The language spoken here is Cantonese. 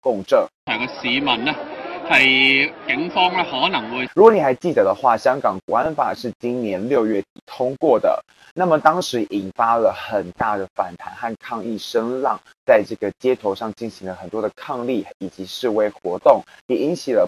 共振，成個市民呢，係警方呢可能會。如果你還記得的話，香港國安法是今年六月底通過的，那麼當時引發了很大的反彈和抗議聲浪，在這個街頭上進行了很多的抗議以及示威活動，也引起了。